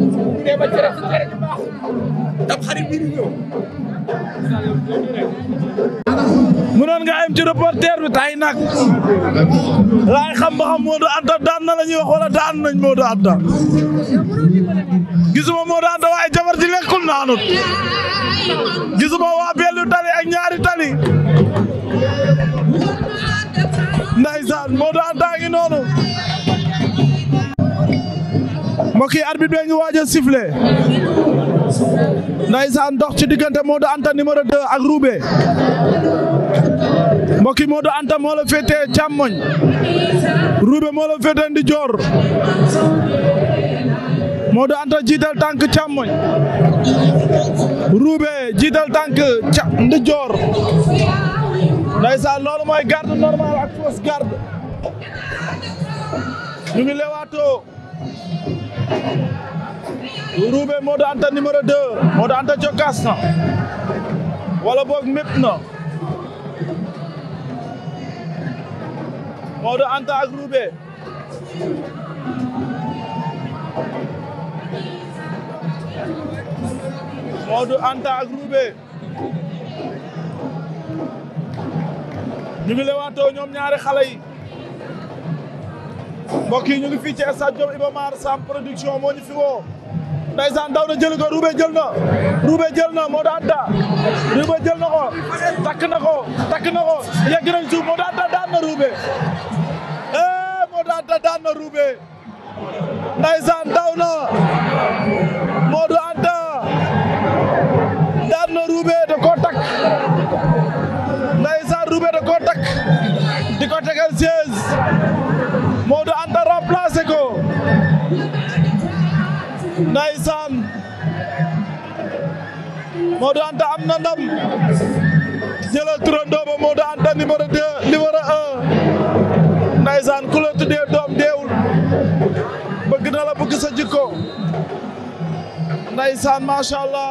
mu noon ma cere si cere ju ci reporter bi tay nag laay xam ba xam Modou Anta daan na la wax wala daan nañ Modou Anta gisuma Modou Anta waaye jabar ji lekkul naanut gisuma waa bellu tali ak ñaari tali ndaysaan Modou Anta ngi noonu mbokk yi arbitre bi ngi waaj a sifflé ndaysaan dox ci diggante Modou Anta numéro 2 ak Roubé mbokk yi Modou Anta moo la féetee càmmoñ Roubé moo la féetee ndi joor Modou Anta jiital tànk càmmoñ Roubé jiital tànk ca ndi joor ndaysaan loolu mooy garde normal ak fausse garde ñu ngi lewaatoo Roubé Modou Anta numéro 2 Modou Anta jokkaas na boog mépp na Modou Anta ak Roubé Modou Anta ak Roubé ñu ngi lewaatoo ñoom ñaari xale yi mbokk yi ñu ngi fii ci stade Diop Iba Mar Sam production moo ñu woo ndaysaan daw na jël ko Roubé jël na Roubé jël na Modou Anta Roubé jël na ko takk na ko takk na ko yegg nañ suuf Modou Anta daan na eh, daan na Roubé ndaysaan daw na Modou Anta daan na Roubé da koo takk ndeysaan Modou Anta am na ndam jëlal turandoo ba Modou Anta numéro 2 numéro 1 ndeysaan ku la tuddee doom deewul bëgg na la bëgg jikko ndeysaan macha